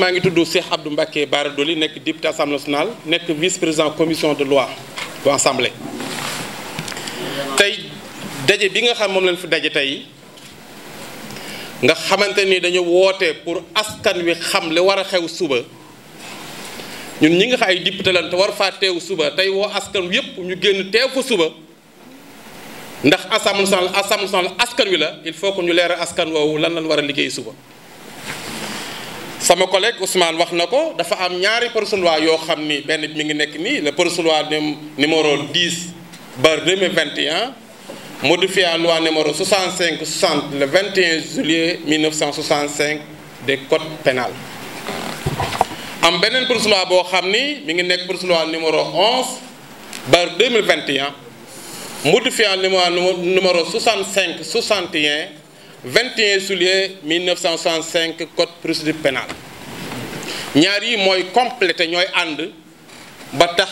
maa ngi tudd Cheikh Abdou Mbacké Bara Dolly nekk député assemblée nationale nekk vice président commission de loi bu assemblée. tey daje bi nga xam moom lañ fi daje tey nga xamante ni dañu woote pour askan wi xam li war a xew suba ñun ñi nga xam ay député lañ te war faa teew suba tey woo askan wi yëpp ñu génn teew fa suba. ndax assemblée nationale assemblée nationale askan wi la il faut que ñu leeral askan woowu lan lan war a liggéey suba. sama collègue Ousmane wax na ko dafa am ñaari parceloir yoo xam ni benn bi mi ngi nekk nii le parceloir numéro 10 ba 2021 modifié à loi numéro 65 60 le 21 juillet 1965 des code pénal am beneen parceloir boo xam ni mi ngi nekk parceloir numéro 11 ba 2021 modifié à loi numéro 65 61 21 juillet 1965 code procédure pénale ñaar yi mooy complété ñooy ànd ba tax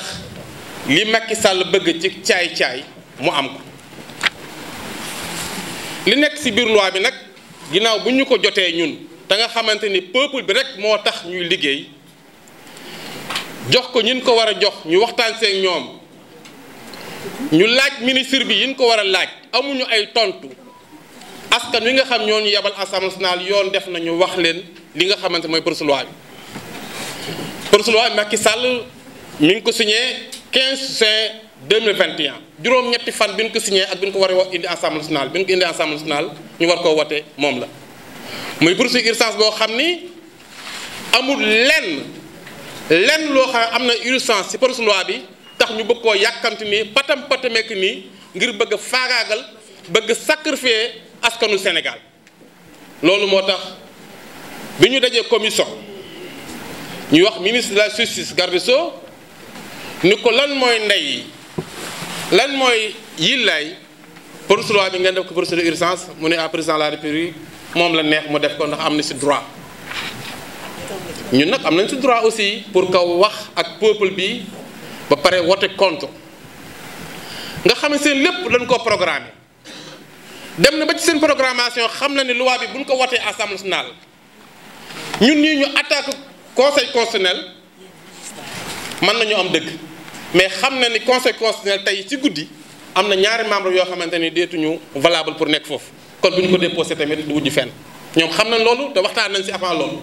li Macky sàll bëgg ci caay-caay mu am ko li nekk ci biir loi bi nag ginnaaw bu ñu ko jotee ñun te nga xamante ni peuple bi rekk moo tax ñuy liggéey jox ko ñun ko war a jox ñu waxtaan seeg ñoom ñu laaj ministre bi yin ko war a laaj amuñu ay tontu askan wi nga xam ñoo ñu yebal assemblée nationale yoon def nañu wax leen li nga xamante mooy pour bi. loi Macky Sall mi ngi ko signé 15 juin 2021 juróom-ñetti fan bi ñu ko signé ak bi ñu ko war a indi assemblée nationale bi ñu ko indi assemblée nationale ñu war koo wote moom la. muy poursuite urgence boo xam ni amul lenn lenn loo xam am na urgence ci projet loi bi tax ñu bëgg koo yàkkamti nii patam patameek nii ngir bëgg a faagaagal bëgg a sacrifier askanu Sénégal loolu moo tax bi ñu dajee commission. ñu wax ministre de la justice garde soo ni ko lan mooy ndey lan mooy yillaay procédure bi nga def ko procédure urgence mu ne à ah, président de moom la neex mu def ko ndax am na si droit ñun nag am nañ si droit aussi pour kaw wax ak peuple bi ba pare wote contre nga xam ne seen lépp dañ koo programmé dem na ba ci seen programmation xam na ne loi bi buñ ko wotee assemblée nationale ñun ñii ñu attaque conseil constitutionnel mën nañu am dëgg mais xam na ni conseil constitutionnel tey ci guddi am na ñaari membre yoo xamante ni deetuñu valable pour nekk foofu kon bu ñu ko déposé tamit du wujj fen ñoom xam nañ loolu te waxtaan nañ si avant loolu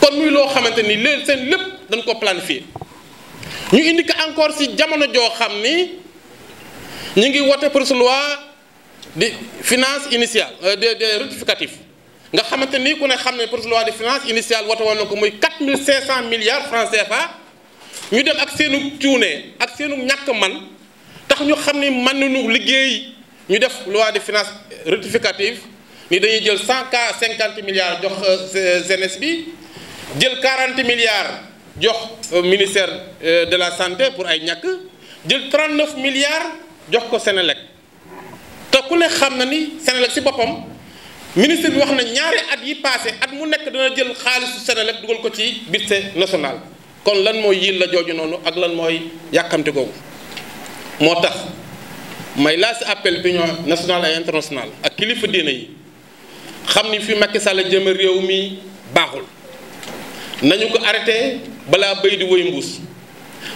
kon muy loo xamante ni léegi seen lépp dañ ko planifié ñu indi ko encore si jamono joo xam ni ñu ngi wote pour su di finance initiale de euh, de rectificatif nga xamante nii ku ne xam ne projet loi de finance initiale wote woon na ko muy 4500 milliards francs CFA ñu dem ak seenu cuune ak seenu ñàkk man tax ñu xam ni mën nañu liggéey ñu def loi de finance rectificative ni dañuy jël 150 milliards jox euh, jeunesse bi jël 40 milliards jox euh, ministère euh, de la santé pour ay ñàkk jël 39 milliards jox ko Sénélec te ku ne xam na ni Sénélec si boppam. ministre bi wax na ñaari at yi passé at mu nekk dana jël xaalisu Senelec dugal ko ci budget national kon lan mooy yiil la jooju noonu ak lan mooy yàkkamte googu moo tax may laa si appel bi union nationale ak kilifa diine yi xam ni fi Macky Sall jëme réew mi baaxul nañu ko arrêté balaa béy di woy mbuus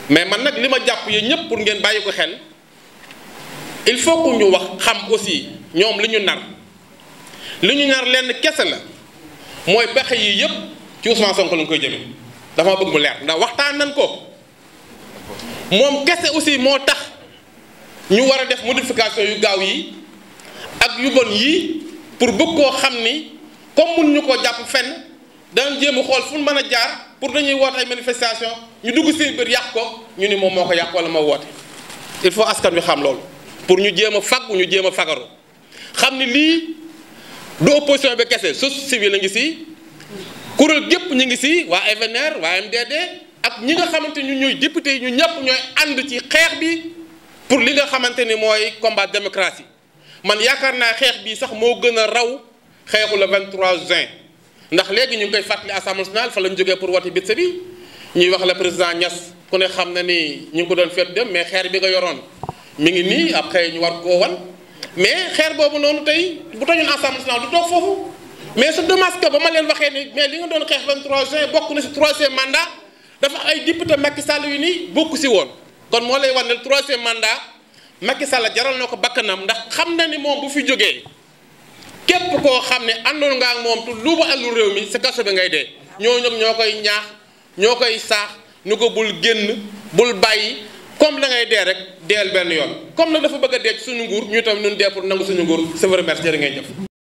mais man nag li ma jàpp yéen ñëpp pour ngeen bàyyi ko xel il faut que ñu wax xam aussi ñoom li ñu nar li ñu ñaar lenn kese la mooy pexe yii yëpp ci Ousmane Sonko la ñu koy jëme dafa bëgg mu leer ndax waxtaan nañ ko moom kese aussi moo tax ñu war a def modification yu gaaw yi ak yu bon yii pour bëgg koo xam ni comme mun ñu koo jàpp fenn danañ jéem a xool fu mu mën a jaar pour dañuy woote ay manifestation ñu dugg seen biir yàq ko ñu ni moom moo ko yàq wala ma woote il faut askan wi xam loolu pour ñu jéem a faggu ñu jéem a fagaru xam ni lii. du opposition bi kese société civile a ngi si kuréel gépp ñu ngi si waa FNR waa MDD ak ñi nga xamante ñu ñooy député yi ñu ñëpp ñooy ànd ci xeex bi pour li nga xamante ni mooy combat démocratie man yaakaar naa xeex bi sax moo gën a raw xeexu le 23 juin ndax léegi ñu ngi koy fàttali assemblée nationale fa la ñu jógee pour wati bitse bi ñuy wax la président ñas ku ne xam na ni ñu ngi ko doon feet dem mais xeer bi nga yoroon mi ngi nii après ñu war koo wan. mais xeer boobu noonu tey bu tojoon Assemblée nationale du toog foofu mais su dommage que ba ma leen waxee ni mais li nga doon xeex 23 juin bokk na si troisième mandat dafa ay député Macky Sall yu nii bokk si woon kon moo lay wan ne troisième mandat Macky Sall jaral na ko bakkanam ndax xam na ni moom bu fi jógee képp koo xam ne àndoon nga ak moom tu luuba àllu réew mi sa kaso bi ngay dee ñoo ñoom ñoo koy ñaax ñoo koy saax nu ko bul génn bul bàyyi comme la ngay dee rek deel benn yoon comme nag dafa bëgg a dee ci suñu nguur ñu tam ñun dee pour nangu suñu nguur c'est vrai merci jërë ngeen jëf